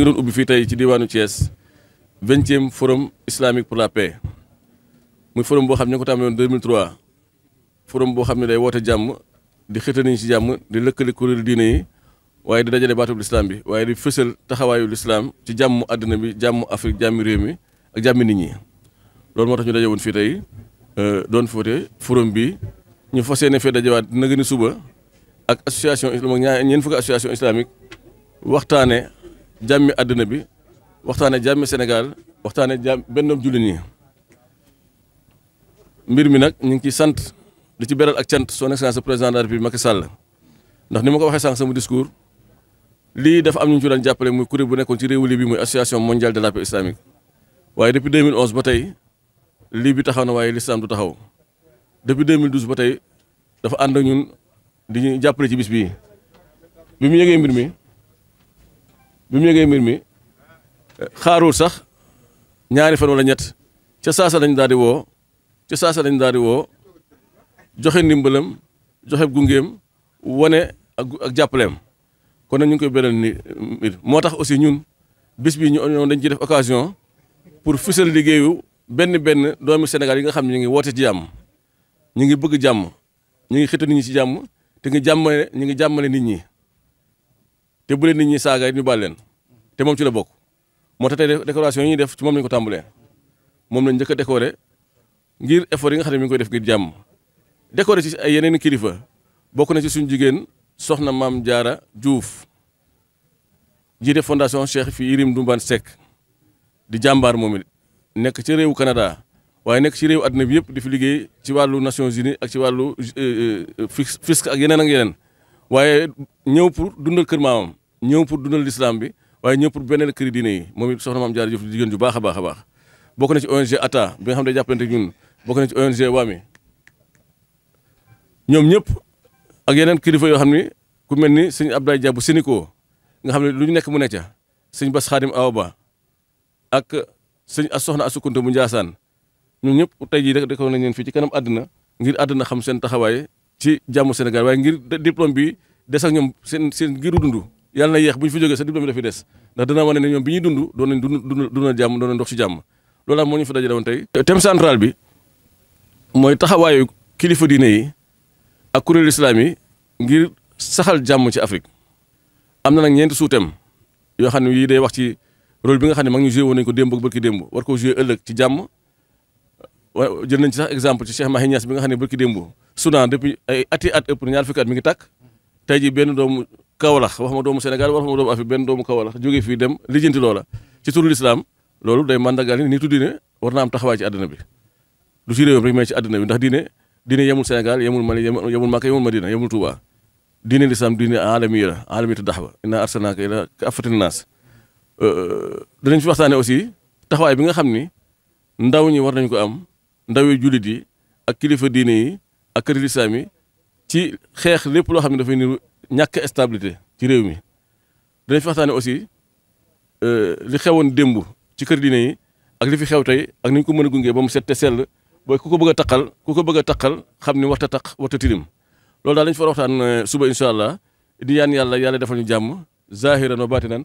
ñu doon ubbi fii tey ci diwaanu Thiès vingtième forum islamique pour la paix muy forum boo xam ne ñu ko tàmbali woon 2003 forum boo xam ne day woote jàmm di xëta nañ ci jàmm di lëkkale kuréelu diine yi waaye di dajale baatub lislaam bi waaye di fësal taxawaayu lislaam ci jàmm àddina bi jàmm Afrique jàmmi réew mi ak jàmmi nit ñi loolu moo tax ñu daje woon fii tey euh, doon foote forum bi ñu fas yéene fee dajewaat dina gën a suba ak association islamique ñaar jàmmi àddina bi waxtaane jàmmi Sénégal waxtaane jàmm bennoom jullit ñi mbir mi nag ñu ngi ciy sant di ci beral ak cant son sa président de la république Macky Sall ndax ni ma ko waxee sànq sama discours lii dafa am ñu ñu jàppale muy kuréel bu nekkoon ci réewu Libye bi muy association mondiale de la paix islamique waaye depuis 2011 ba tey lii bi taxaw na waaye l'islam du taxaw depuis 2012 ba tey dafa ànd ak ñun di jàppale ci bis bii bi mu yëgee mbir mi. bi mu yëgee mbir mi xaarul sax ñaari fan wala ñett ca saasa lañ daal di woo ca saasa lañ daal di woo joxe ndimbalam joxe gungeem wane ak ak jàppaleem kon nag ñu ngi koy beral ni moo tax aussi ñun bis bi ñu ñoom dañ ciy def occasion pour fësal liggéeyu benn benn doomi Sénégal yi nga xam ne ñu ngi woote ci jàmm ñu ngi bëgg jàmm ñu ngi xëtu nit ñi ci jàmm te ngi jàmmale ñu ngi jàmmale nit ñi. te bu leen nit ñi saaga it ñu baal leen te moom ci la bokk moo tax tey yi ñuy def ci moom lañu ko tàmbalee moom lañ njëkk a décoré ngir effort yi nga xam ne mi ngi koy def ngir jàmm décoré ci ay yeneen kilifa bokk na ci suñu jigéen soxna maam jaara Diouf jiite fondation Cheikh fi Yérim Ndoumane Seck di jàmbaar moom it nekk ci réewu kanada waaye nekk ci réew àddina bi yëpp di fi liggéey ci wàllu Nations Unies ak ci wàllu euh, euh, fisc ak yeneen ak yeneen waaye ñëw pour dund kër ñëw pour dundal l'islam bi waaye ñëw pour beneen këri diine yi moom it soxna maam Diarra Diouf di jigéen ju baax a baax a baax bokk na ci ONG ATA bi nga xam ne jàppalante ñun bokk na ci ONG Wami ñoom ñëpp ak yeneen kilifa yoo xam ni ku mel ni sëñ Abdoulaye Dia bu Sénico nga xam ne lu ñu nekk mu ne ca sëñ Bass Khadim Awa Ba ak sëñ a soxna Asukunta bu Njaasaan ñoom ñëpp tey jii rek defoon nañ leen fii ci kanam àddina ngir àddina xam seen taxawaay ci jàmmu Sénégal waaye ngir diplôme bi des ak ñoom seen seen giru dund yàlla na yéex bu ñu fi jógee sa diplôme dafay des ndax dana wane ne ñoom bi ñuy dund doon nañ dund dund na jàmm doon nañ dox ci jàmm loolu moo ñu fa dajale woon tey. thème central bi mooy taxawaayu kilifa diine yi ak kuréelu islam yi ngir saxal jàmm ci Afrique am na nag ñeenti sous-thème yoo xam ne yii day wax ci rôle bi nga xam ne mag ñu joué woon nañu ko démb ak barki démb war koo joué ëllëg ci jàmm jël nañ ci sax exemple ci Cheikh Mahi Niass bi nga xam ne barki démb Soudan depuis ay ati at ëpp ñaar fukki at mi ngi tàkk tey ji benn doomu Kaolack wax ma doomu Sénégal wax ma doomu Afrique benn doomu Kaolack jóge fii dem lijjanti loola ci turu lislaam loolu day mandagal ni nitu diine war naa am taxawaay ci àddina bi du ci réewam rek mais ci àddina bi ndax diine diine yemul Sénégal yemul Mali yemul Màkka yemul Madina yemul Touba diine lislaam diine alamiya la alamiyatu daxwa inna arsalnaaka ila kaaffatan naas danañ fi waxtaane aussi taxawaay bi nga xam ni ndaw ñi war nañ ko am ndawi jullit yi ak kilifa diine yi ak ci xeex lépp loo xam ne dafa niru ñàkk stabilité ci réew mi danañ fi waxtaane aussi euh, li xewoon démb ci kër diine yi ak li fi xew tey ak ni ñu ko mën a gungee ba mu set te sell boo ku ko bëgg a taqal ku ko bëgg a taqal xam ni warta taq warta tilim loolu daal lañ fa waxtaan euh, suba incha allah di yaan yàlla yàlla defal ñu jàmm zahiran wa baatinan